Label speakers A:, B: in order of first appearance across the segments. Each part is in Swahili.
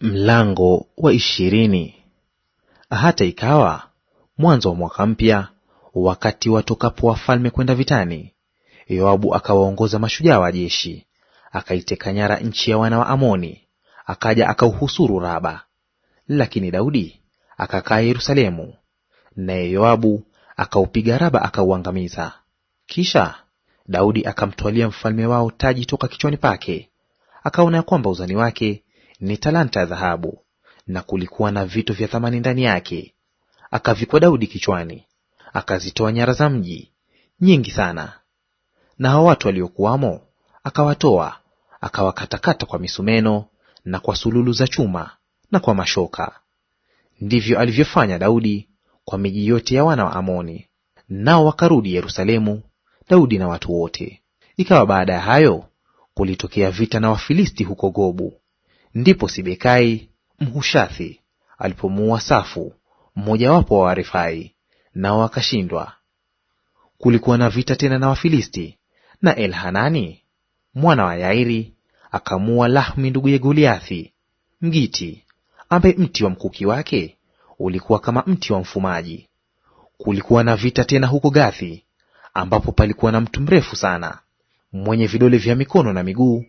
A: Mlango wa ishirini. Hata ikawa mwanzo wa mwaka mpya, wakati watokapo wafalme kwenda vitani, Yoabu akawaongoza mashujaa wa jeshi, akaiteka nyara nchi ya wana wa Amoni, akaja akauhusuru Raba. Lakini Daudi akakaa Yerusalemu, naye Yoabu akaupiga Raba akauangamiza. Kisha Daudi akamtwalia mfalme wao taji toka kichwani pake, akaona ya kwamba uzani wake ni talanta ya dhahabu, na kulikuwa na vito vya thamani ndani yake. Akavikwa Daudi kichwani. Akazitoa nyara za mji nyingi sana, na hao watu waliokuwamo akawatoa, akawakatakata kwa misumeno na kwa sululu za chuma na kwa mashoka. Ndivyo alivyofanya Daudi kwa miji yote ya wana wa Amoni. Nao wakarudi Yerusalemu, Daudi na watu wote. Ikawa baada ya hayo kulitokea vita na Wafilisti huko Gobu. Ndipo Sibekai Mhushathi alipomuua Safu mmojawapo wa Warefai, nao wakashindwa. Kulikuwa na vita tena na Wafilisti, na Elhanani mwana wa Yairi akamuua Lahmi nduguye Goliathi Mgiti, ambaye mti wa mkuki wake ulikuwa kama mti wa mfumaji. Kulikuwa na vita tena huko Gathi, ambapo palikuwa na mtu mrefu sana mwenye vidole vya mikono na miguu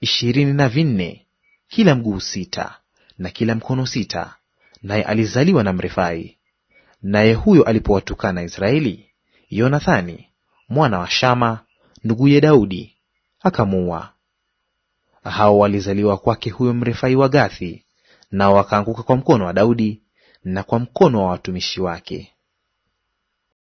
A: ishirini na vinne kila mguu sita na kila mkono sita, naye alizaliwa na Mrefai. Naye huyo alipowatukana Israeli, Yonathani mwana wa Shama nduguye Daudi akamuua. Hao walizaliwa kwake huyo Mrefai wa Gathi, nao wakaanguka kwa mkono wa Daudi na kwa mkono wa watumishi wake.